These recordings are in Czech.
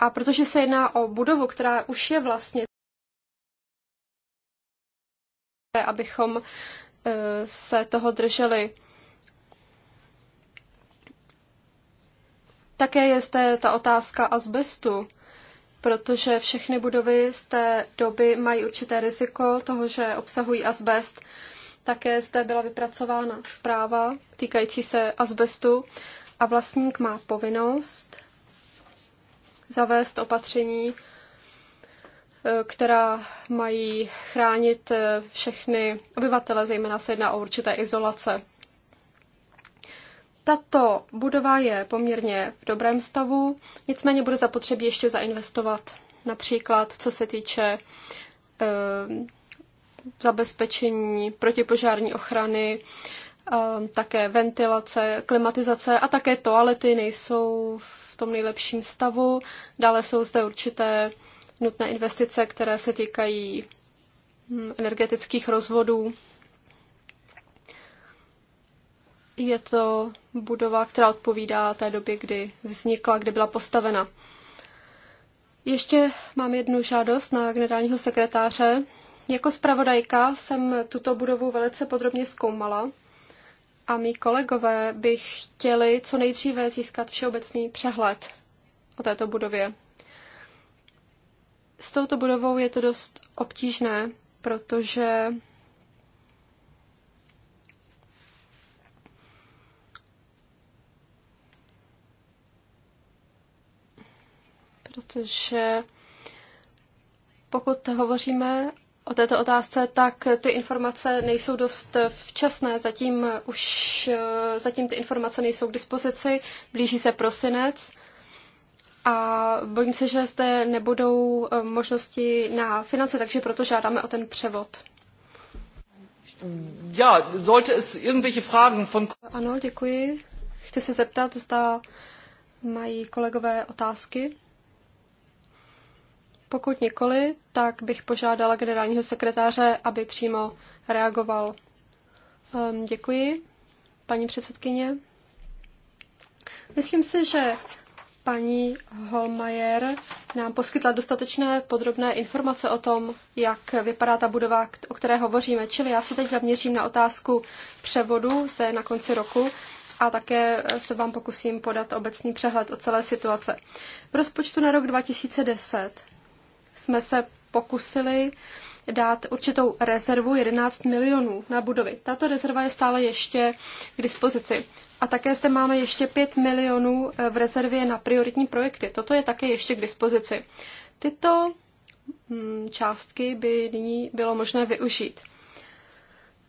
A protože se jedná o budovu, která už je vlastně, abychom e, se toho drželi. Také je zde ta otázka azbestu, protože všechny budovy z té doby mají určité riziko toho, že obsahují azbest. Také zde byla vypracována zpráva týkající se azbestu a vlastník má povinnost zavést opatření, e, která mají chránit e, všechny obyvatele, zejména se jedná o určité izolace. Tato budova je poměrně v dobrém stavu, nicméně bude zapotřebí ještě zainvestovat, například co se týče e, zabezpečení protipožární ochrany, také ventilace, klimatizace a také toalety nejsou v v tom nejlepším stavu. Dále jsou zde určité nutné investice, které se týkají hm, energetických rozvodů. Je to budova, která odpovídá té době, kdy vznikla, kdy byla postavena. Ještě mám jednu žádost na generálního sekretáře. Jako zpravodajka jsem tuto budovu velice podrobně zkoumala a mý kolegové by chtěli co nejdříve získat všeobecný přehled o této budově. S touto budovou je to dost obtížné, protože protože pokud hovoříme o této otázce, tak ty informace nejsou dost včasné. Zatím už eh, zatím ty informace nejsou k dispozici. Blíží se prosinec a bojím se, že zde nebudou eh, možnosti na finance, takže proto žádáme o ten převod. Ja, sollte es irgendwelche Fragen von... Ano, děkuji. Chci se zeptat, zda mají kolegové otázky. Pokud nikoli, tak bych požádala generálního sekretáře, aby přímo reagoval. Ehm, děkuji, paní předsedkyně. Myslím si, že paní Holmajer nám poskytla dostatečné podrobné informace o tom, jak vypadá ta budova, o které hovoříme. Čili já se teď zaměřím na otázku převodu zde na konci roku a také se vám pokusím podat obecný přehled o celé situace. V rozpočtu na rok 2010 jsme se pokusili dát určitou rezervu 11 milionů na budovy. Tato rezerva je stále ještě k dispozici. A také zde máme ještě 5 milionů v rezervě na prioritní projekty. Toto je také ještě k dispozici. Tyto mm, částky by nyní bylo možné využít.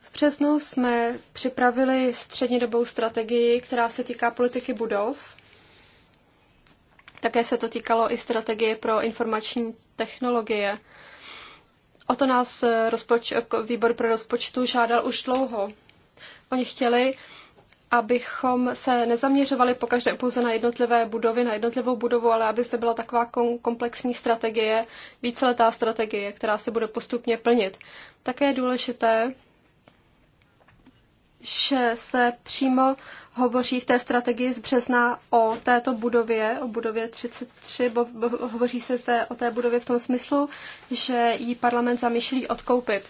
V březnu jsme připravili střednědobou strategii, která se týká politiky budov také se to týkalo i strategie pro informační technologie. O to nás eh, rozpoč, eh, výbor pro rozpočtu žádal už dlouho. Oni chtěli, abychom se nezaměřovali každé pouze na jednotlivé budovy, na jednotlivou budovu, ale aby zde byla taková komplexní strategie, víceletá strategie, která se bude postupně plnit. Také je důležité, že se přímo hovoří v té strategii z března o této budově, o budově 33, bo, bo, hovoří se zde o té budově v tom smyslu, že ji parlament zamýšlí odkoupit.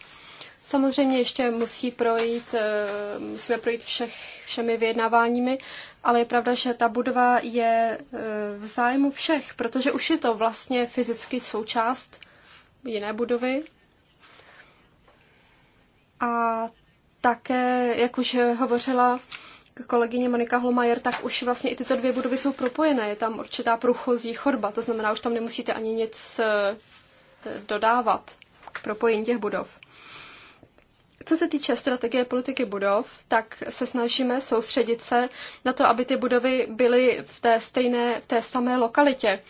Samozřejmě ještě musí projít, eh, musíme projít všech, všemi vyjednáváními, ale je pravda, že ta budova je eh, v zájmu všech, protože už je to vlastně fyzicky součást jiné budovy. A také, jak už hovořila kolegyně Monika Holmajer, tak už vlastně i tyto dvě budovy jsou propojené. Je tam určitá průchozí chodba, to znamená, už tam nemusíte ani nic eh, dodávat k propojení těch budov. Co se týče strategie politiky budov, tak se snažíme soustředit se na to, aby ty budovy byly v té stejné, v té samé lokalitě,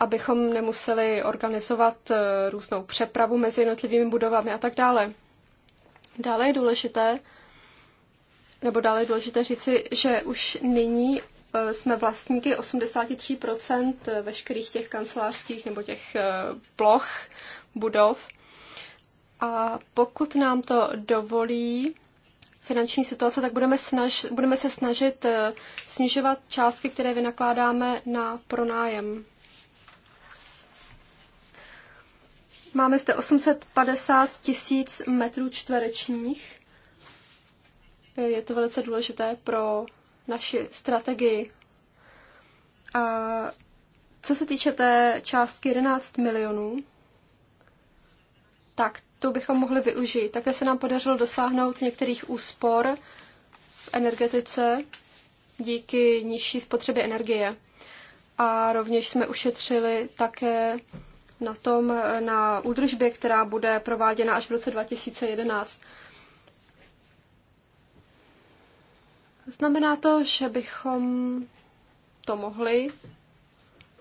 abychom nemuseli organizovat eh, různou přepravu mezi jednotlivými budovami a tak dále. Dále je důležité, nebo dále je důležité říci, že už nyní eh, jsme vlastníky 83% veškerých těch kancelářských nebo těch eh, ploch, budov. A pokud nám to dovolí finanční situace, tak budeme, snaž, budeme se snažit eh, snižovat částky, které vynakládáme na pronájem. Máme zde 850 tisíc metrů čtverečních je to velice důležité pro naši strategii. A co se týče té částky 11 milionů, tak tu bychom mohli využít. Také se nám podařilo dosáhnout některých úspor v energetice díky nižší spotřebě energie. A rovněž jsme ušetřili také na tom, na údržbě, která bude prováděna až v roce 2011. Znamená to, že bychom to mohli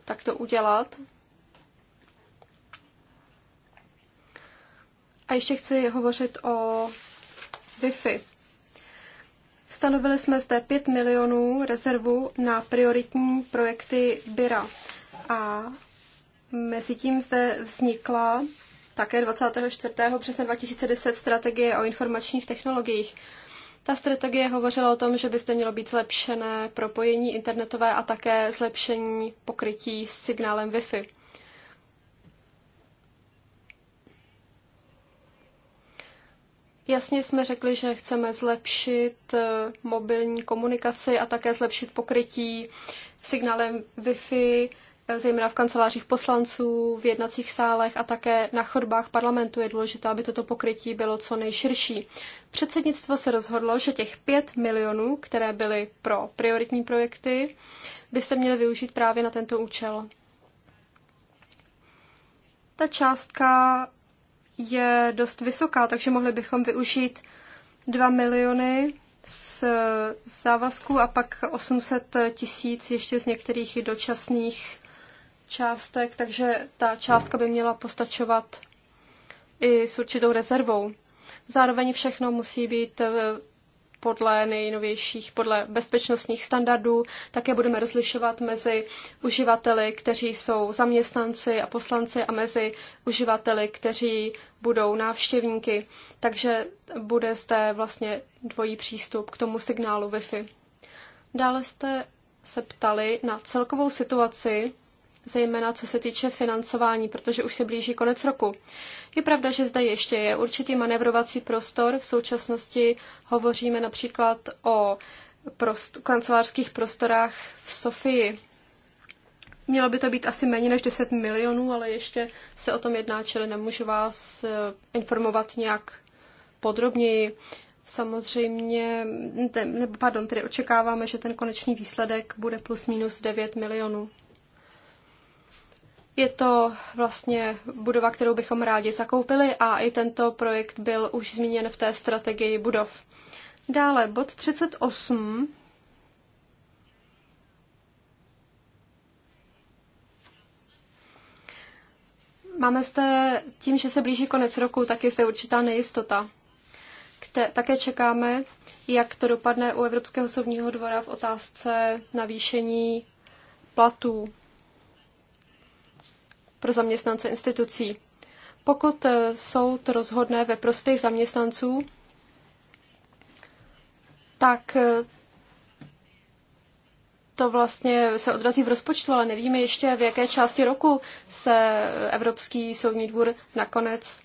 takto udělat. A ještě chci hovořit o Wi-Fi. Stanovili jsme zde 5 milionů rezervu na prioritní projekty BIRA. A mezi tím se vznikla také 24. března 2010 strategie o informačních technologiích. Ta strategie hovořila o tom, že byste mělo být zlepšené propojení internetové a také zlepšení pokrytí s signálem Wi-Fi. Jasně jsme řekli, že chceme zlepšit eh, mobilní komunikaci a také zlepšit pokrytí signálem Wi-Fi zejména v kancelářích poslanců, v jednacích sálech a také na chodbách parlamentu je důležité, aby toto pokrytí bylo co nejširší. Předsednictvo se rozhodlo, že těch 5 milionů, které byly pro prioritní projekty, by se měly využít právě na tento účel. Ta částka je dost vysoká, takže mohli bychom využít 2 miliony z závazků a pak 800 tisíc ještě z některých dočasných částek, takže ta částka by měla postačovat i s určitou rezervou. Zároveň všechno musí být eh, podle nejnovějších, podle bezpečnostních standardů. Také budeme rozlišovat mezi uživateli, kteří jsou zaměstnanci a poslanci a mezi uživateli, kteří budou návštěvníky. Takže bude zde vlastně dvojí přístup k tomu signálu Wi-Fi. Dále jste se ptali na celkovou situaci zejména co se týče financování, protože už se blíží konec roku. Je pravda, že zde ještě je určitý manevrovací prostor. V současnosti hovoříme například o prost, kancelářských prostorách v Sofii. Mělo by to být asi méně než 10 milionů, ale ještě se o tom jedná, čili nemůžu vás eh, informovat nějak podrobněji. Samozřejmě, ne, pardon, tedy očekáváme, že ten konečný výsledek bude plus minus 9 milionů. Je to vlastně budova, kterou bychom rádi zakoupili a i tento projekt byl už zmíněn v té strategii budov. Dále bod 38. Máme zde, tím, že se blíží konec roku, tak je zde určitá nejistota. Kte, také čekáme, jak to dopadne u Evropského soudního dvora v otázce navýšení platů pro zaměstnance institucí. Pokud eh, soud rozhodne ve prospěch zaměstnanců, tak eh, to vlastně se odrazí v rozpočtu, ale nevíme ještě, v jaké části roku se Evropský soudní dvůr nakonec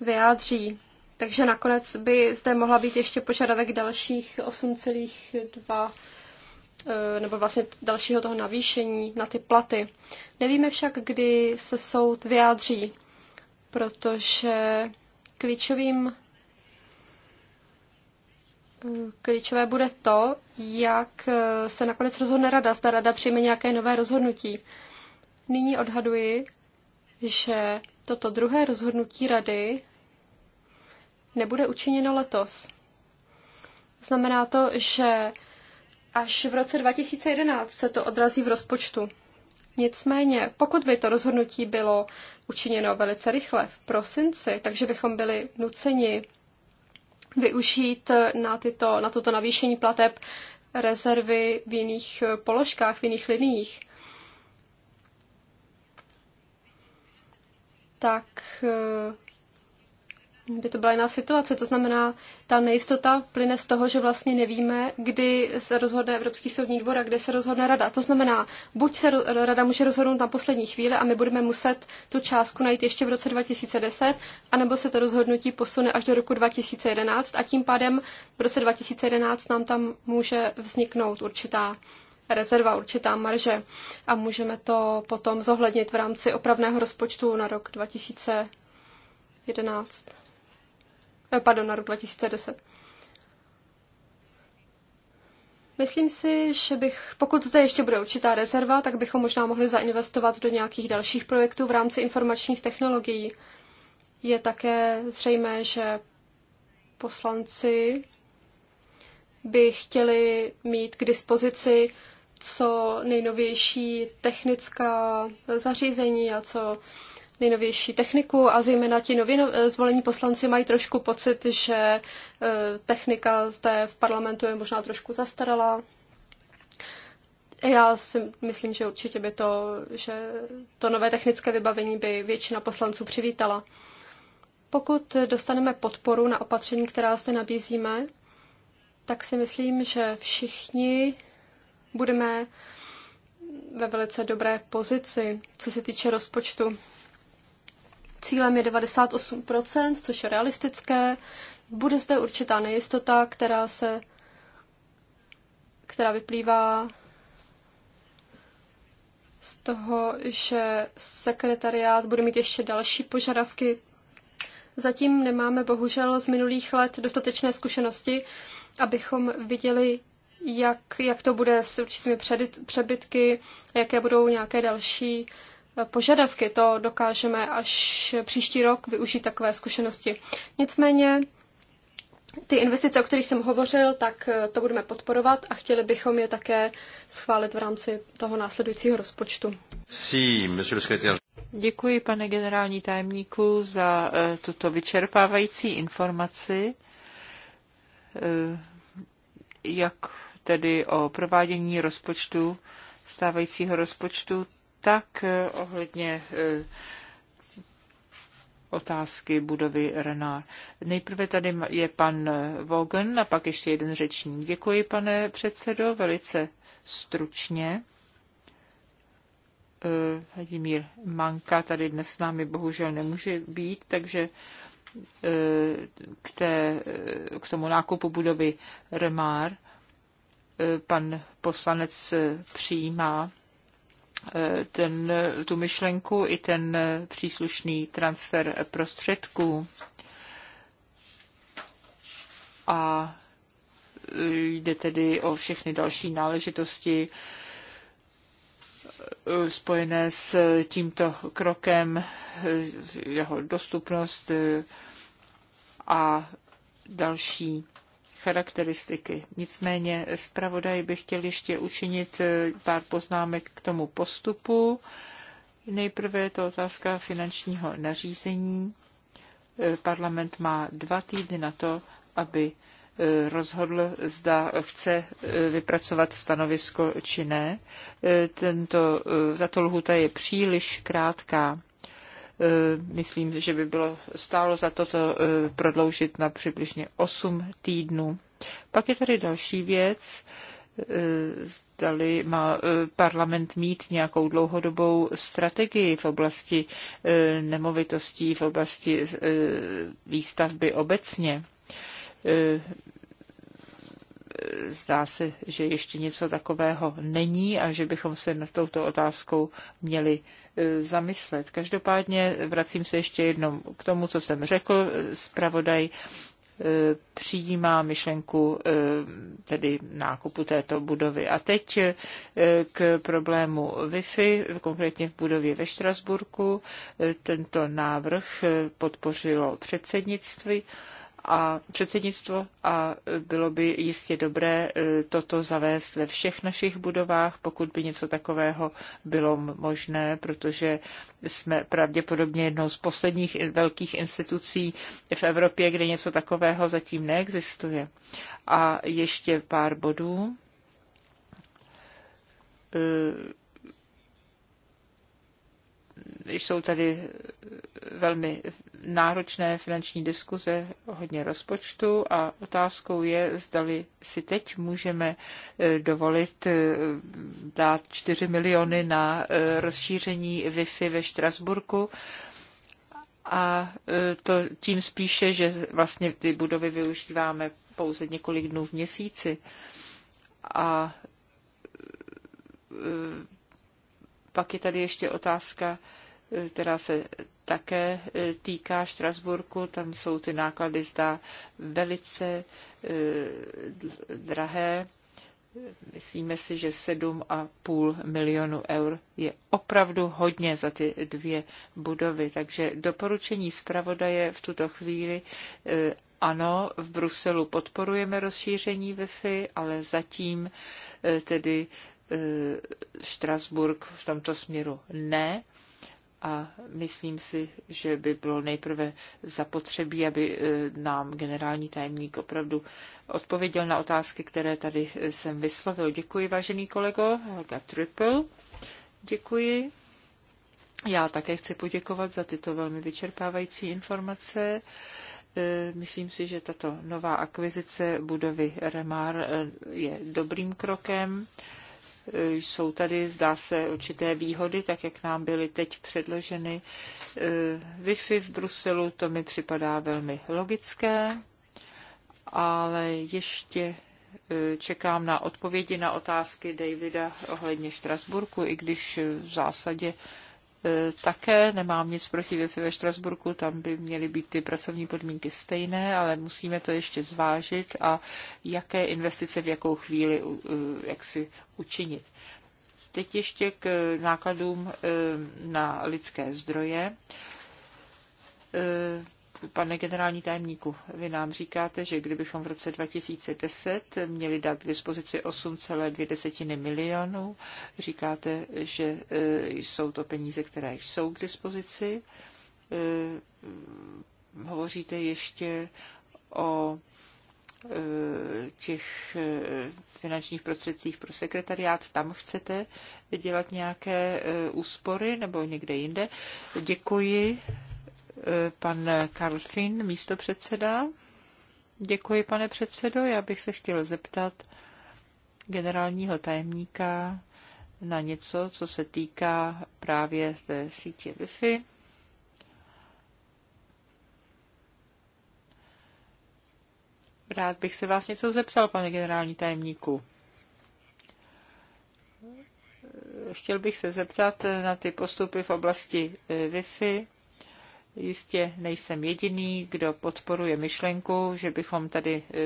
vyjádří. Takže nakonec by zde mohla být ještě požadavek dalších 8,2 Eh, nebo vlastně dalšího toho navýšení na ty platy. Nevíme však, kdy se soud vyjádří, protože klíčovým eh, klíčové bude to, jak eh, se nakonec rozhodne rada, zda rada přijme nějaké nové rozhodnutí. Nyní odhaduji, že toto druhé rozhodnutí rady nebude učiněno letos. Znamená to, že Až v roce 2011 se to odrazí v rozpočtu. Nicméně, pokud by to rozhodnutí bylo učiněno velice rychle v prosinci, takže bychom byli nuceni využít na, tyto, na toto navýšení plateb rezervy v jiných položkách, v jiných liních, tak eh, by to byla jiná situace. To znamená, ta nejistota plyne z toho, že vlastně nevíme, kdy se rozhodne Evropský soudní dvor a kdy se rozhodne rada. To znamená, buď se rada může rozhodnout na poslední chvíli a my budeme muset tu částku najít ještě v roce 2010, anebo se to rozhodnutí posune až do roku 2011 a tím pádem v roce 2011 nám tam může vzniknout určitá rezerva, určitá marže a můžeme to potom zohlednit v rámci opravného rozpočtu na rok 2011. Eh, pardon, na rok 2010. Myslím si, že bych, pokud zde ještě bude určitá rezerva, tak bychom možná mohli zainvestovat do nějakých dalších projektů v rámci informačních technologií. Je také zřejmé, že poslanci by chtěli mít k dispozici co nejnovější technická zařízení a co nejnovější techniku a zejména ti nově no, eh, zvolení poslanci mají trošku pocit, že eh, technika zde v parlamentu je možná trošku zastarala. Já si myslím, že určitě by to, že to nové technické vybavení by většina poslanců přivítala. Pokud dostaneme podporu na opatření, která zde nabízíme, tak si myslím, že všichni budeme ve velice dobré pozici, co se týče rozpočtu. Cílem je 98%, což je realistické. Bude zde určitá nejistota, která se která vyplývá z toho, že sekretariát bude mít ještě další požadavky. Zatím nemáme bohužel z minulých let dostatečné zkušenosti, abychom viděli, jak, jak to bude s určitými předit, přebytky, jaké budou nějaké další požadavky. To dokážeme až příští rok využít takové zkušenosti. Nicméně ty investice, o kterých jsem hovořil, tak eh, to budeme podporovat a chtěli bychom je také schválit v rámci toho následujícího rozpočtu. Sí, Děkuji, pane generální tajemníku, za eh, tuto vyčerpávající informaci, eh, jak tedy o provádění rozpočtu, stávajícího rozpočtu, tak eh, ohledně eh, otázky budovy Renard. Nejprve tady je pan eh, Vogen a pak ještě jeden řečník. Děkuji, pane předsedo, velice stručně. Vladimír Manka tady dnes s námi bohužel nemůže být, takže k, té, k tomu nákupu budovy Remar pan poslanec přijímá ten, tu myšlenku i ten příslušný transfer prostředků. A jde tedy o všechny další náležitosti spojené s tímto krokem, jeho dostupnost a další charakteristiky. Nicméně zpravodaj bych chtěl ještě učinit eh, pár poznámek k tomu postupu. Nejprve je to otázka finančního nařízení. Eh, parlament má dva týdny na to, aby eh, rozhodl, zda chce vypracovat stanovisko či ne. Tento, tato lhuta je příliš krátká. Eh, myslím, že by bylo stálo za to to eh, prodloužit na přibližně 8 týdnů. Pak je tady další věc eh, zdali má parlament mít nějakou dlouhodobou strategii v oblasti nemovitostí, v oblasti výstavby obecně zdá se, že ještě něco takového není a že bychom se nad touto otázkou měli e, zamyslet. Každopádně vracím se ještě jednou k tomu, co jsem řekl. Spravodaj e, přijímá myšlenku e, tedy nákupu této budovy. A teď k problému Wi-Fi, konkrétně v budově ve Štrasburku. Tento návrh podpořilo předsednictví a předsednictvo a bylo by jistě dobré e, toto zavést ve všech našich budovách, pokud by něco takového bylo možné, protože jsme pravděpodobně jednou z posledních velkých institucí v Evropě, kde něco takového zatím neexistuje. A ještě pár bodů e, jsou tady eh, velmi náročné finanční diskuze hodně rozpočtu a otázkou je, zdali si teď můžeme eh, dovolit eh, dát 4 miliony na rozšíření Wi-Fi ve Štrasburku a to tím spíše, že vlastně ty budovy využíváme pouze několik dnů v měsíci. A pak je tady ještě otázka která se také e, týká Štrasburku. Tam jsou ty náklady zdá velice e, drahé. Myslíme si, že 7,5 milionu eur je opravdu hodně za ty dvě budovy. Takže doporučení zpravodaje v tuto chvíli e, ano, v Bruselu podporujeme rozšíření Wi-Fi, ale zatím tedy Štrasburg v tomto směru ne a myslím si, že by bylo nejprve zapotřebí, aby e, nám generální tajemník opravdu odpověděl na otázky, které tady e, jsem vyslovil. Děkuji, vážený kolego Helga Triple. Děkuji. Já také chci poděkovat za tyto velmi vyčerpávající informace. E, myslím si, že tato nová akvizice budovy Remar je dobrým krokem jsou tady, zdá se, určité výhody, tak jak nám byly teď předloženy. Eh, Wi-Fi v Bruselu, to mi připadá velmi logické, ale ještě eh, čekám na odpovědi na otázky Davida ohledně Štrasburku, i když v zásadě E, také. Nemám nic proti Wi-Fi ve Štrasburku, tam by měly být ty pracovní podmínky stejné, ale musíme to ještě zvážit a jaké investice v jakou chvíli e, jak si učinit. Teď ještě k nákladům e, na lidské zdroje Pane generální tajemníku, vy nám říkáte, že kdybychom v roce 2010 měli dát k dispozici 8,2 milionů, říkáte, že e, jsou to peníze, které jsou k dispozici. E, hovoříte ještě o e, těch finančních prostředcích pro sekretariát, tam chcete dělat nějaké úspory nebo někde jinde. Děkuji pan Karl Finn, místo předseda. Děkuji, pane předsedo. Já bych se chtěl zeptat generálního tajemníka na něco, co se týká právě té sítě Wi-Fi. Rád bych se vás něco zeptal, pane generální tajemníku. Chtěl bych se zeptat na ty postupy v oblasti Wi-Fi Jistě nejsem jediný, kdo podporuje myšlenku, že bychom tady e,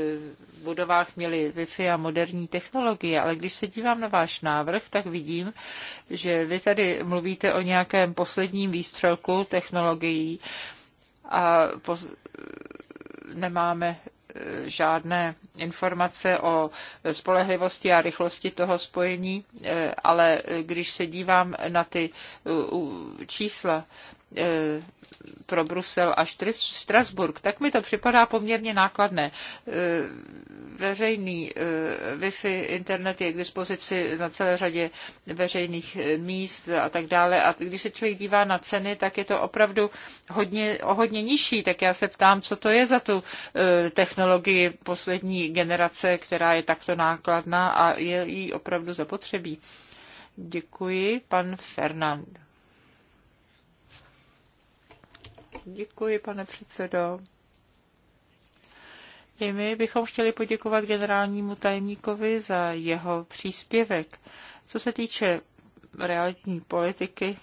v budovách měli Wi-Fi a moderní technologie, ale když se dívám na váš návrh, tak vidím, že vy tady mluvíte o nějakém posledním výstřelku technologií a poz... nemáme e, žádné informace o spolehlivosti a rychlosti toho spojení, e, ale když se dívám na ty čísla, pro Brusel a Štrasburg, tak mi to připadá poměrně nákladné. E, veřejný e, Wi-Fi internet je k dispozici na celé řadě veřejných e, míst a tak dále. A když se člověk dívá na ceny, tak je to opravdu hodně, o hodně nižší. Tak já se ptám, co to je za tu technologii poslední generace, která je takto nákladná a je jí opravdu zapotřebí. Děkuji, pan Fernand. Děkuji, pane předsedo. I my bychom chtěli poděkovat generálnímu tajemníkovi za jeho příspěvek. Co se týče realitní politiky,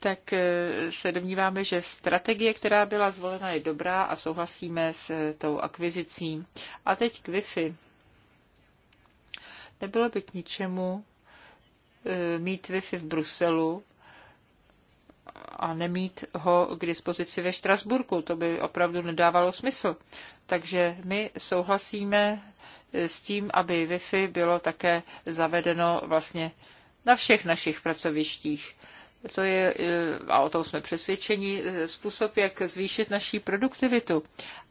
tak eh, se domníváme, že strategie, která byla zvolena, je dobrá a souhlasíme s eh, tou akvizicí. A teď k Wi-Fi. Nebylo by k ničemu eh, mít Wi-Fi v Bruselu, a nemít ho k dispozici ve Štrasburku. To by opravdu nedávalo smysl. Takže my souhlasíme s tím, aby Wi-Fi bylo také zavedeno vlastně na všech našich pracovištích. To je, eh, a o tom jsme přesvědčeni, eh, způsob, jak zvýšit naší produktivitu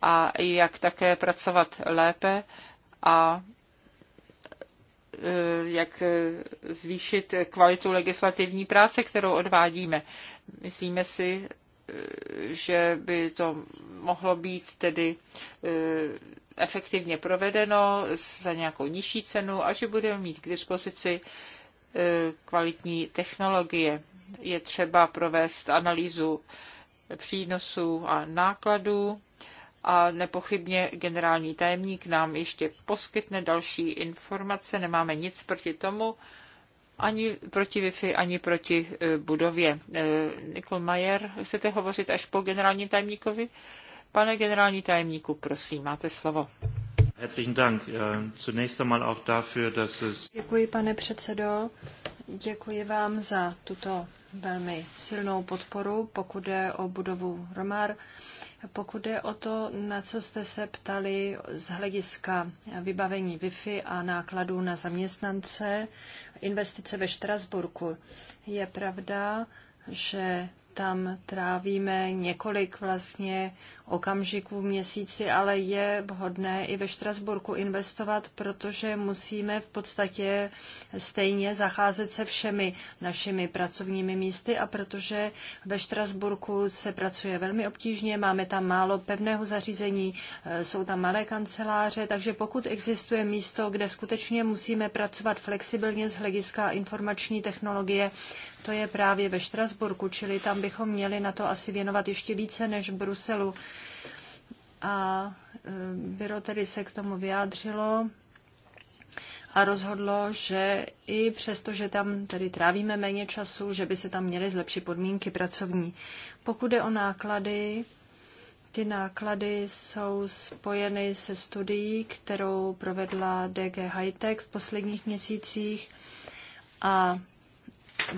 a jak také pracovat lépe a eh, jak zvýšit kvalitu legislativní práce, kterou odvádíme. Myslíme si, eh, že by to mohlo být tedy eh, efektivně provedeno za nějakou nižší cenu a že budeme mít k dispozici eh, kvalitní technologie. Je třeba provést analýzu přínosů a nákladů a nepochybně generální tajemník nám ještě poskytne další informace. Nemáme nic proti tomu, ani proti Wi-Fi, ani proti e, budově. E, Nikol Majer, chcete hovořit až po generálním tajemníkovi? Pane generální tajemníku, prosím, máte slovo. Äh, Děkuji, pane předsedo. Děkuji vám za tuto velmi silnou podporu, pokud jde o budovu Romar. Pokud je o to, na co jste se ptali z hlediska vybavení Wi-Fi a nákladů na zaměstnance, investice ve Štrasburku, je pravda, že tam trávíme několik vlastně okamžiků v měsíci, ale je vhodné i ve Štrasburku investovat, protože musíme v podstatě stejně zacházet se všemi našimi pracovními místy a protože ve Štrasburku se pracuje velmi obtížně, máme tam málo pevného zařízení, eh, jsou tam malé kanceláře, takže pokud existuje místo, kde skutečně musíme pracovat flexibilně z hlediska informační technologie, to je právě ve Štrasburku, čili tam bychom měli na to asi věnovat ještě více než v Bruselu. A e, byro tedy se k tomu vyjádřilo a rozhodlo, že i přesto, že tam tedy trávíme méně času, že by se tam měly zlepšit podmínky pracovní. Pokud je o náklady, ty náklady jsou spojeny se studií, kterou provedla DG Hightech v posledních měsících a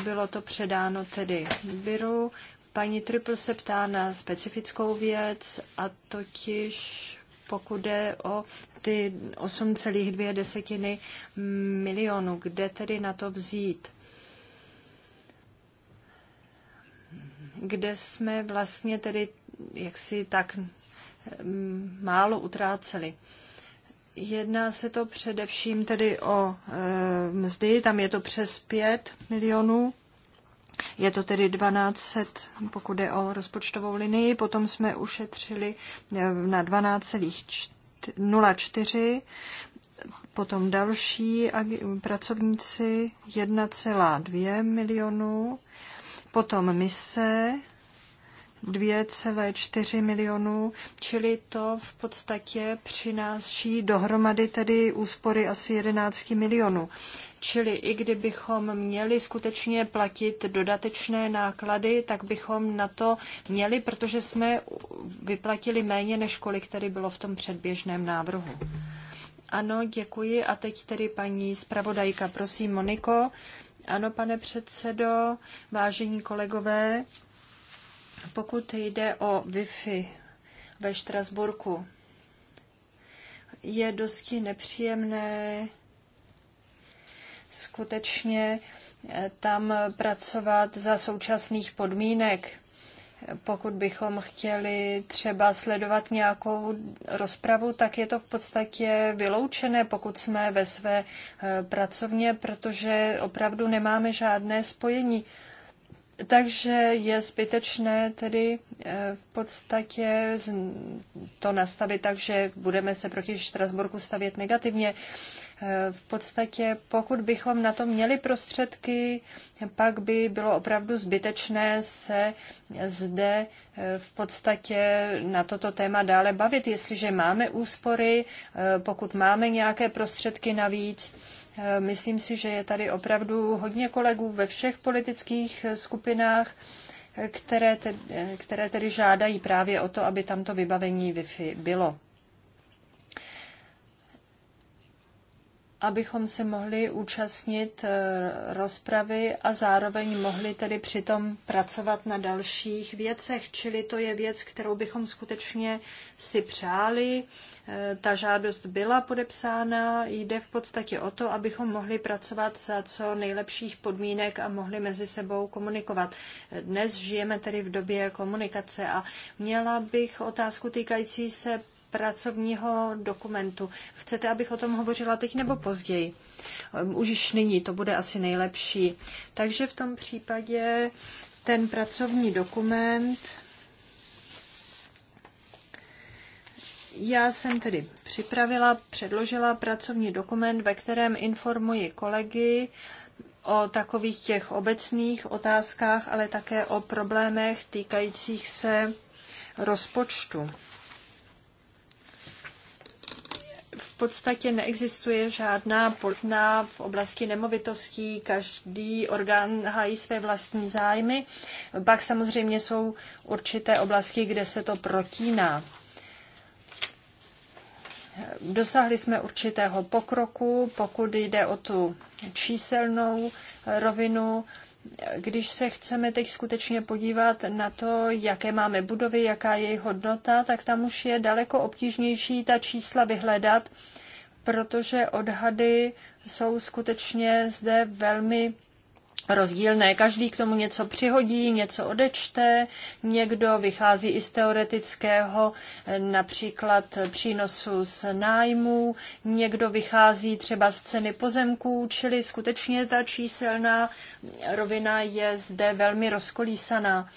bylo to předáno tedy Biru. Paní Triple se ptá na specifickou věc a totiž pokud jde o ty 8,2 desetiny milionu, kde tedy na to vzít? Kde jsme vlastně tedy jaksi tak mm, málo utráceli? Jedná se to především tedy o e, mzdy, tam je to přes 5 milionů. Je to tedy 1200, pokud je o rozpočtovou linii. Potom jsme ušetřili eh, na 12,04. Potom další pracovníci 1,2 milionů. Potom mise 2,4 milionů, čili to v podstatě přináší dohromady tedy úspory asi 11 milionů. Čili i kdybychom měli skutečně platit dodatečné náklady, tak bychom na to měli, protože jsme vyplatili méně, než kolik tady bylo v tom předběžném návrhu. Ano, děkuji. A teď tedy paní zpravodajka, prosím, Moniko. Ano, pane předsedo, vážení kolegové, pokud jde o Wi-Fi ve Štrasburku, je dosti nepříjemné skutečně eh, tam pracovat za současných podmínek. Pokud bychom chtěli třeba sledovat nějakou rozpravu, tak je to v podstatě vyloučené, pokud jsme ve své eh, pracovně, protože opravdu nemáme žádné spojení. Takže je zbytečné tedy eh, v podstatě to nastavit tak, že budeme se proti Štrasburku stavět negativně. Eh, v podstatě, pokud bychom na to měli prostředky, pak by bylo opravdu zbytečné se zde eh, v podstatě na toto téma dále bavit. Jestliže máme úspory, pokud máme nějaké prostředky navíc, Eh, myslím si, že je tady opravdu hodně kolegů ve všech politických eh, skupinách, eh, které, které tedy žádají právě o to, aby tamto vybavení Wi-Fi bylo. abychom se mohli účastnit eh, rozpravy a zároveň mohli tedy přitom pracovat na dalších věcech. Čili to je věc, kterou bychom skutečně si přáli. Eh, ta žádost byla podepsána, jde v podstatě o to, abychom mohli pracovat za co nejlepších podmínek a mohli mezi sebou komunikovat. Dnes žijeme tedy v době komunikace a měla bych otázku týkající se pracovního dokumentu. Chcete, abych o tom hovořila teď nebo později? Ehm, už nyní to bude asi nejlepší. Takže v tom případě ten pracovní dokument. Já jsem tedy připravila, předložila pracovní dokument, ve kterém informuji kolegy o takových těch obecných otázkách, ale také o problémech týkajících se rozpočtu. podstatě neexistuje žádná podná v oblasti nemovitostí, každý orgán hájí své vlastní zájmy. Pak samozřejmě jsou určité oblasti, kde se to protíná. Dosáhli jsme určitého pokroku, pokud jde o tu číselnou rovinu když se chceme teď skutečně podívat na to, jaké máme budovy, jaká je jejich hodnota, tak tam už je daleko obtížnější ta čísla vyhledat, protože odhady jsou skutečně zde velmi rozdílné. Každý k tomu něco přihodí, něco odečte, někdo vychází i z teoretického například přínosu z nájmu, někdo vychází třeba z ceny pozemků, čili skutečně ta číselná rovina je zde velmi rozkolísaná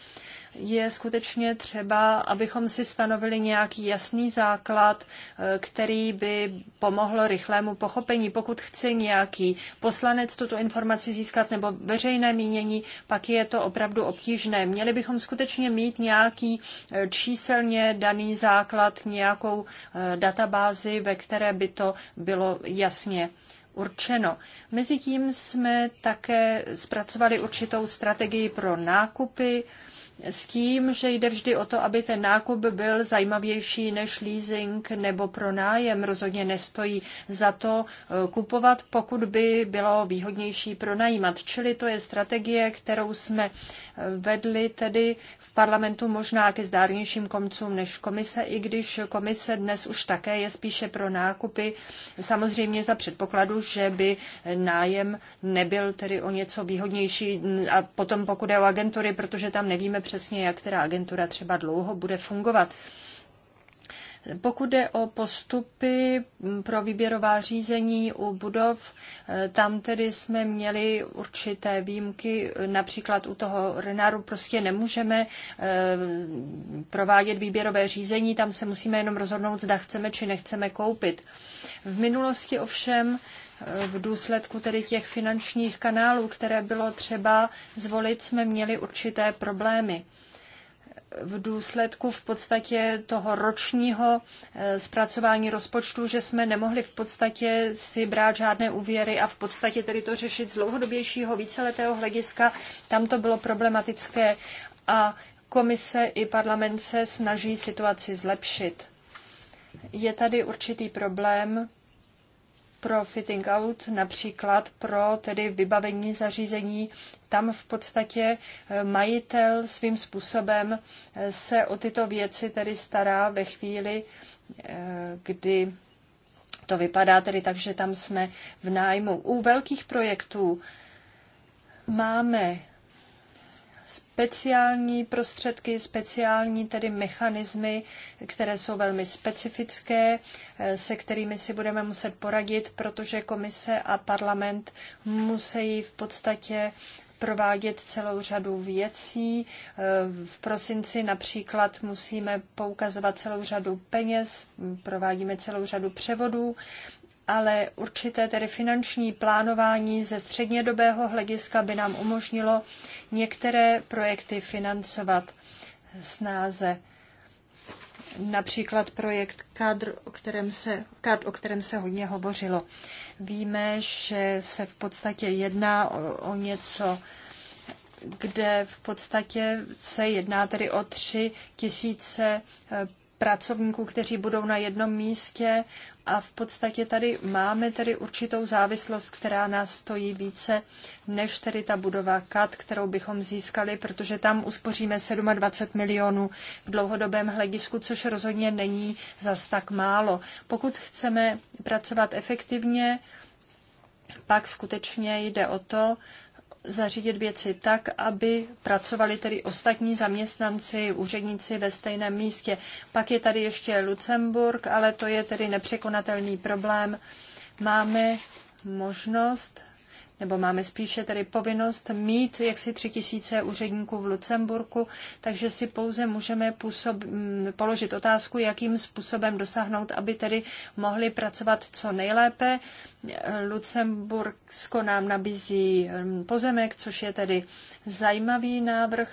je skutečně třeba, abychom si stanovili nějaký jasný základ, eh, který by pomohl rychlému pochopení. Pokud chce nějaký poslanec tuto informaci získat nebo veřejné mínění, pak je to opravdu obtížné. Měli bychom skutečně mít nějaký eh, číselně daný základ, nějakou eh, databázi, ve které by to bylo jasně určeno. Mezitím jsme také zpracovali určitou strategii pro nákupy s tím, že jde vždy o to, aby ten nákup byl zajímavější než leasing nebo pronájem. Rozhodně nestojí za to eh, kupovat, pokud by bylo výhodnější pronajímat. Čili to je strategie, kterou jsme eh, vedli tedy parlamentu možná ke zdárnějším komcům než komise, i když komise dnes už také je spíše pro nákupy, samozřejmě za předpokladu, že by nájem nebyl tedy o něco výhodnější a potom pokud je o agentury, protože tam nevíme přesně, jak která agentura třeba dlouho bude fungovat. Pokud jde o postupy pro výběrová řízení u budov, e, tam tedy jsme měli určité výjimky, například u toho Renaru prostě nemůžeme e, provádět výběrové řízení, tam se musíme jenom rozhodnout, zda chceme či nechceme koupit. V minulosti ovšem e, v důsledku tedy těch finančních kanálů, které bylo třeba zvolit, jsme měli určité problémy v důsledku v podstatě toho ročního eh, zpracování rozpočtu, že jsme nemohli v podstatě si brát žádné úvěry a v podstatě tedy to řešit z dlouhodobějšího víceletého hlediska. Tam to bylo problematické a komise i parlament se snaží situaci zlepšit. Je tady určitý problém, pro fitting out, například pro tedy vybavení zařízení. Tam v podstatě eh, majitel svým způsobem eh, se o tyto věci tedy stará ve chvíli, eh, kdy to vypadá tedy tak, že tam jsme v nájmu. U velkých projektů máme speciální prostředky, speciální tedy mechanismy, které jsou velmi specifické, eh, se kterými si budeme muset poradit, protože komise a parlament musí v podstatě provádět celou řadu věcí. Eh, v prosinci například musíme poukazovat celou řadu peněz, provádíme celou řadu převodů ale určité tedy finanční plánování ze střednědobého hlediska by nám umožnilo některé projekty financovat snáze. Například projekt kadr, o kterém se, kadr, o kterém se hodně hovořilo. Víme, že se v podstatě jedná o, o něco, kde v podstatě se jedná tedy o tři tisíce eh, pracovníků, kteří budou na jednom místě a v podstatě tady máme tedy určitou závislost, která nás stojí více než tedy ta budova KAT, kterou bychom získali, protože tam uspoříme 27 milionů v dlouhodobém hledisku, což rozhodně není zas tak málo. Pokud chceme pracovat efektivně, pak skutečně jde o to, zařídit věci tak, aby pracovali tedy ostatní zaměstnanci, úředníci ve stejném místě. Pak je tady ještě Lucemburg, ale to je tedy nepřekonatelný problém. Máme možnost nebo máme spíše tedy povinnost mít jaksi tři tisíce úředníků v Lucemburku, takže si pouze můžeme působ, mm, položit otázku, jakým způsobem dosáhnout, aby tedy mohli pracovat co nejlépe. Lucembursko nám nabízí mm, pozemek, což je tedy zajímavý návrh.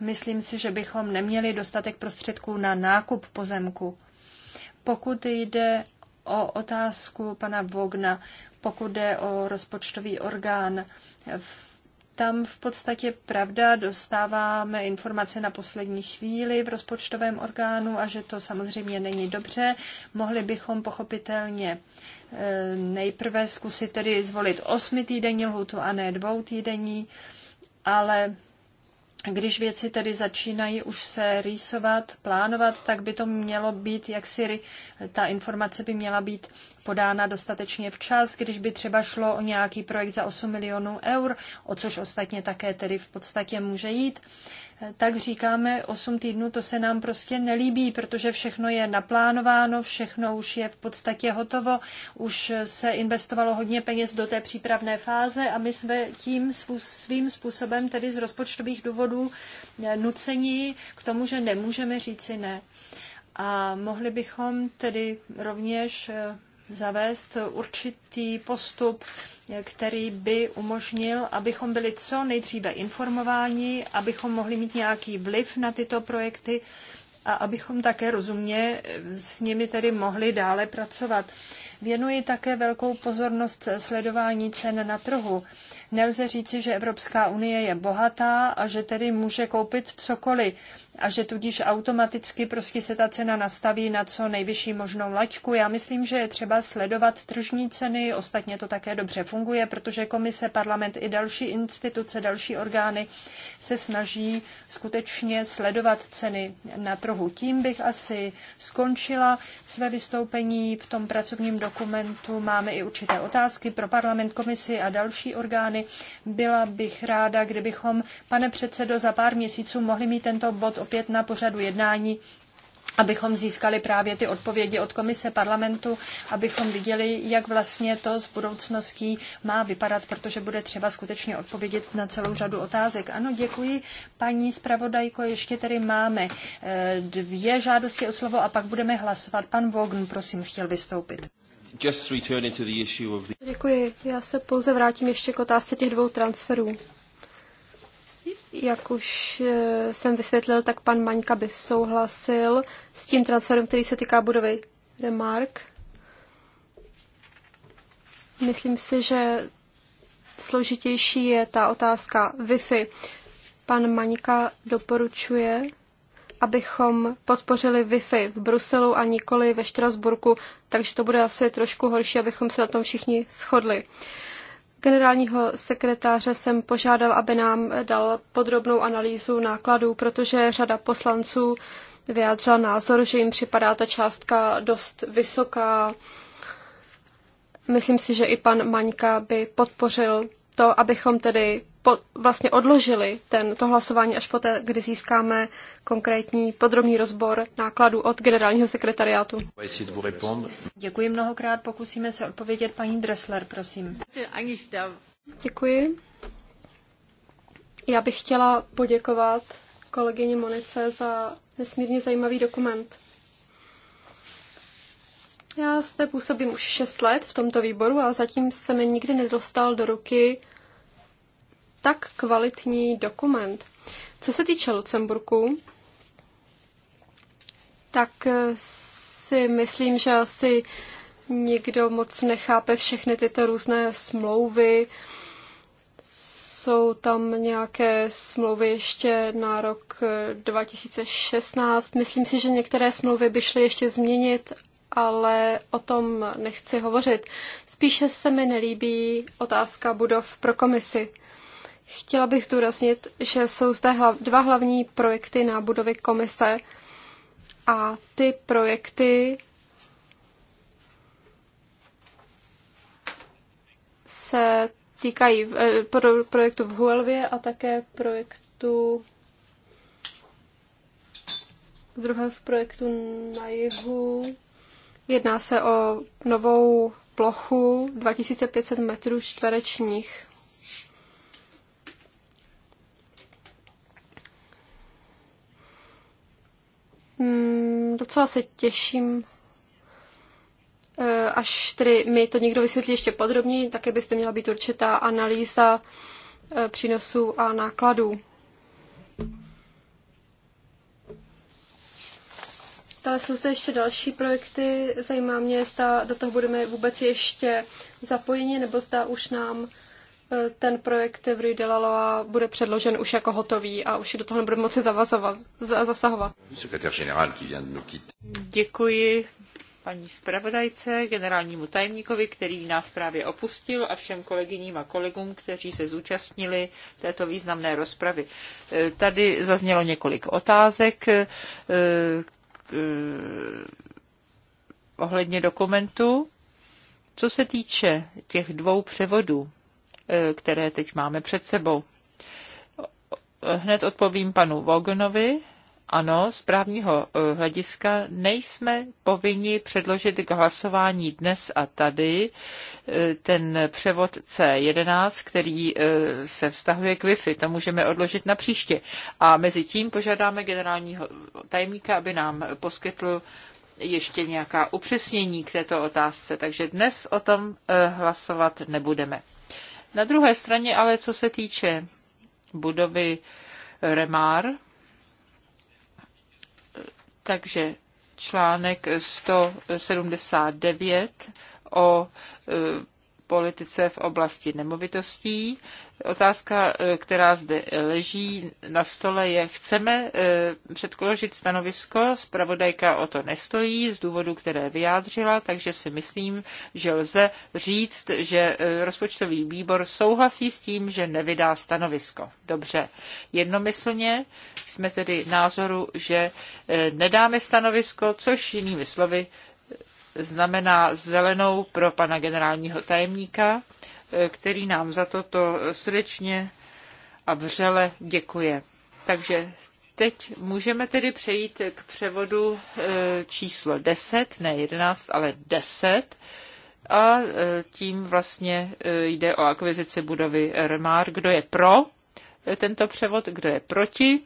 Myslím si, že bychom neměli dostatek prostředků na nákup pozemku. Pokud jde o otázku pana Vogna, pokud jde o rozpočtový orgán. Tam v podstatě pravda dostáváme informace na poslední chvíli v rozpočtovém orgánu a že to samozřejmě není dobře. Mohli bychom pochopitelně eh, nejprve zkusit tedy zvolit osmi týdenní lhutu a ne dvou dvoutýdenní, ale když věci tedy začínají už se rýsovat, plánovat, tak by to mělo být, jak si ta informace by měla být podána dostatečně včas, když by třeba šlo o nějaký projekt za 8 milionů eur, o což ostatně také tedy v podstatě může jít, tak říkáme 8 týdnů, to se nám prostě nelíbí, protože všechno je naplánováno, všechno už je v podstatě hotovo, už se investovalo hodně peněz do té přípravné fáze a my jsme tím svým způsobem, tedy z rozpočtových důvodů, nuceni k tomu, že nemůžeme říci ne. A mohli bychom tedy rovněž eh, zavést určitý postup, který by umožnil, abychom byli co nejdříve informováni, abychom mohli mít nějaký vliv na tyto projekty a abychom také rozumně s nimi tedy mohli dále pracovat. Věnuji také velkou pozornost sledování cen na trhu. Nelze říci, že Evropská unie je bohatá a že tedy může koupit cokoliv a že tudíž automaticky prostě se ta cena nastaví na co nejvyšší možnou laťku. Já myslím, že je třeba sledovat tržní ceny, ostatně to také dobře funguje, protože komise, parlament i další instituce, další orgány se snaží skutečně sledovat ceny na trhu. Tím bych asi skončila své vystoupení v tom pracovním dokumentu. Máme i určité otázky pro parlament, komisi a další orgány. Byla bych ráda, kdybychom, pane předsedo, za pár měsíců mohli mít tento bod opět na pořadu jednání abychom získali právě ty odpovědi od komise parlamentu, abychom viděli, jak vlastně to s budoucností má vypadat, protože bude třeba skutečně odpovědět na celou řadu otázek. Ano, děkuji, paní zpravodajko. Ještě tedy máme eh, dvě žádosti o slovo a pak budeme hlasovat. Pan Vogn, prosím, chtěl vystoupit. Děkuji. Já se pouze vrátím ještě k otázce těch dvou transferů. Jak už eh, jsem vysvětlil, tak pan Maňka by souhlasil s tím transferem, který se týká budovy Remark. Myslím si, že složitější je ta otázka Wi-Fi. Pan Maňka doporučuje, abychom podpořili Wi-Fi v Bruselu a nikoli ve Štrasburku, takže to bude asi trošku horší, abychom se na tom všichni shodli. Uh, Generálního sekretáře jsem požádal, aby nám dal podrobnou analýzu nákladů, protože řada poslanců vyjádřila názor, že jim připadá ta částka dost vysoká. Myslím si, že i pan Maňka by podpořil to, abychom tedy po, vlastně odložili ten, to hlasování až poté, kdy získáme konkrétní podrobný rozbor nákladů od generálního sekretariátu. Děkuji mnohokrát, pokusíme se odpovědět paní Dressler, prosím. Děkuji. Já bych chtěla poděkovat kolegyně Monice za nesmírně zajímavý dokument. Já zde působím už 6 let v tomto výboru a zatím se mi nikdy nedostal do ruky tak kvalitní dokument. Co se týče Lucemburku, tak eh, si myslím, že asi nikdo moc nechápe všechny tyto různé smlouvy. Jsou tam nějaké smlouvy ještě na rok 2016. Eh, myslím si, že některé smlouvy by šly ještě změnit, ale o tom nechci hovořit. Spíše se mi nelíbí otázka budov pro komisi. Chtěla bych zdůraznit, že jsou zde dva hlavní projekty na budově komise a ty projekty se týkají eh, projektu v Huelvě a také projektu druhé v projektu na jihu. Jedná se o novou plochu 2500 metrů čtverečních. docela se těším, eh, až tedy mi to někdo vysvětlí ještě podrobněji, také byste měla být určitá analýza eh, přínosů a nákladů. Ale jsou zde ještě další projekty. Zajímá mě, zda do toho budeme vůbec ještě zapojeni, nebo zda už nám ten projekt Vry Delalova bude předložen už jako hotový a už do toho nebudeme moci zavazovat, zasahovat. Děkuji paní zpravodajce, generálnímu tajemníkovi, který nás právě opustil a všem kolegyním a kolegům, kteří se zúčastnili této významné rozpravy. E, tady zaznělo několik otázek e, e, ohledně dokumentu. Co se týče těch dvou převodů, Eh, které teď máme před sebou. Hned odpovím panu Vognovi. Ano, z právního eh, hlediska nejsme povinni předložit k hlasování dnes a tady eh, ten převod C11, který se vztahuje k Wi-Fi. To můžeme odložit na příště. A mezi tím požádáme generálního tajemníka, aby nám poskytl ještě nějaká upřesnění k této otázce. Takže dnes o tom hlasovat nebudeme. Na druhé straně ale, co se týče budovy Remar, takže článek 179 o e, politice v oblasti nemovitostí. Otázka, e, která zde leží na stole, je, chceme e, předložit stanovisko, zpravodajka o to nestojí z důvodu, které vyjádřila, takže si myslím, že lze říct, že e, rozpočtový výbor souhlasí s tím, že nevydá stanovisko. Dobře, jednomyslně jsme tedy názoru, že nedáme stanovisko, což jinými slovy znamená zelenou pro pana generálního tajemníka, eh, který nám za toto srdečně a vřele děkuje. Takže teď můžeme tedy přejít k převodu eh, číslo 10, ne 11, ale 10. A eh, tím vlastně jde o akvizici budovy Remar. Kdo je pro tento převod, kdo je proti,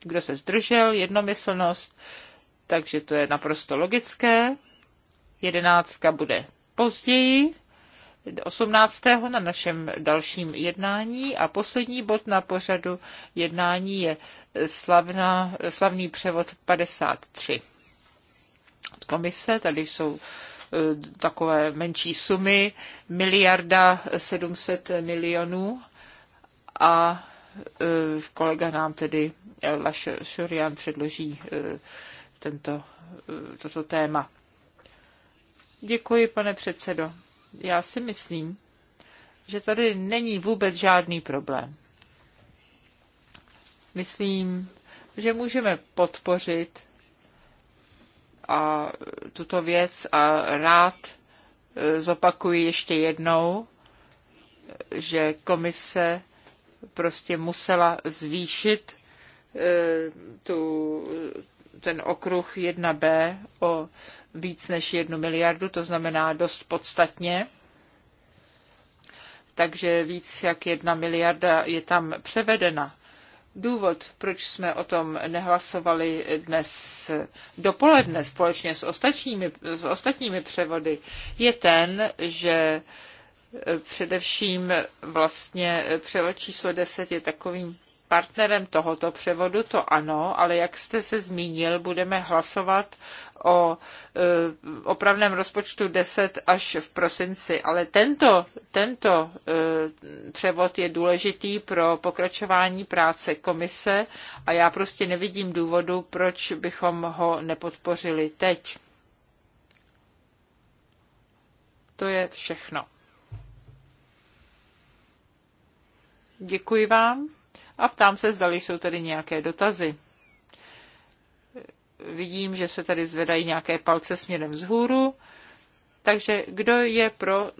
kdo se zdržel, jednomyslnost. Takže to je naprosto logické jedenáctka bude později, 18. na našem dalším jednání a poslední bod na pořadu jednání je slavná, slavný převod 53. Od komise, tady jsou eh, takové menší sumy, miliarda 700 milionů a eh, kolega nám tedy eh, Laš Šurian předloží tento, toto téma. Děkuji, pane předsedo. Já si myslím, že tady není vůbec žádný problém. Myslím, že můžeme podpořit a tuto věc a rád e, zopakuji ještě jednou, že komise prostě musela zvýšit e, tu, ten okruh 1b o víc než jednu miliardu, to znamená dost podstatně. Takže víc jak jedna miliarda je tam převedena. Důvod, proč jsme o tom nehlasovali dnes dopoledne společně s ostatními, s ostatními převody, je ten, že především vlastně převod číslo 10 je takovým partnerem tohoto převodu, to ano, ale jak jste se zmínil, budeme hlasovat o eh, opravném rozpočtu 10 až v prosinci. Ale tento, tento eh, převod je důležitý pro pokračování práce komise a já prostě nevidím důvodu, proč bychom ho nepodpořili teď. To je všechno. Děkuji vám a ptám se, zda jsou tady nějaké dotazy. Vidím, že se tady zvedají nějaké palce směrem vzhůru, takže kdo je pro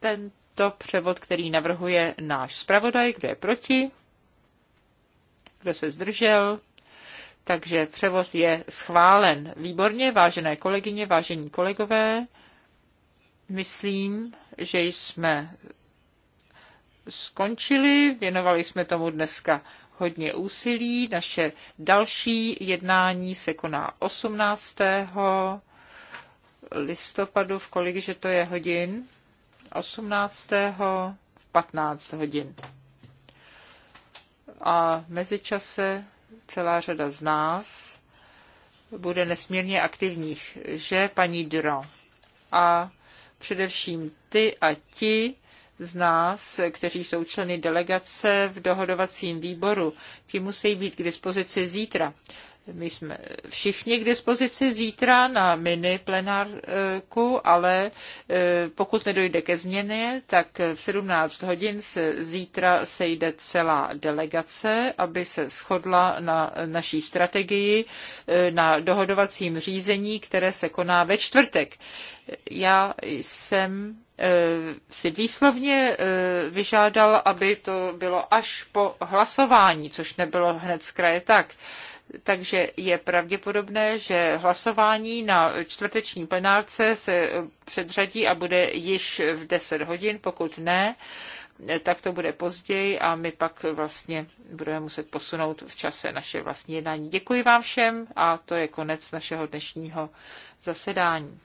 tento převod, který navrhuje náš zpravodaj, kdo je proti, kdo se zdržel, takže převod je schválen. Výborně, vážené kolegyně, vážení kolegové, myslím, že jsme skončili. Věnovali jsme tomu dneska hodně úsilí. Naše další jednání se koná 18. listopadu, v kolik, že to je hodin? 18. v 15 hodin. A mezičase celá řada z nás bude nesmírně aktivních, že paní Dro? A především ty a ti, z nás, kteří jsou členy delegace v dohodovacím výboru. Ti musí být k dispozici zítra. My jsme všichni k dispozici zítra na mini plenárku, ale e, pokud nedojde ke změně, tak v 17 hodin se zítra sejde celá delegace, aby se shodla na naší strategii e, na dohodovacím řízení, které se koná ve čtvrtek. Já jsem Eh, si výslovně eh, vyžádal, aby to bylo až po hlasování, což nebylo hned z kraje tak. Takže je pravděpodobné, že hlasování na čtvrteční plenárce se eh, předřadí a bude již v 10 hodin, pokud ne, tak to bude později a my pak vlastně budeme muset posunout v čase naše vlastní jednání. Děkuji vám všem a to je konec našeho dnešního zasedání.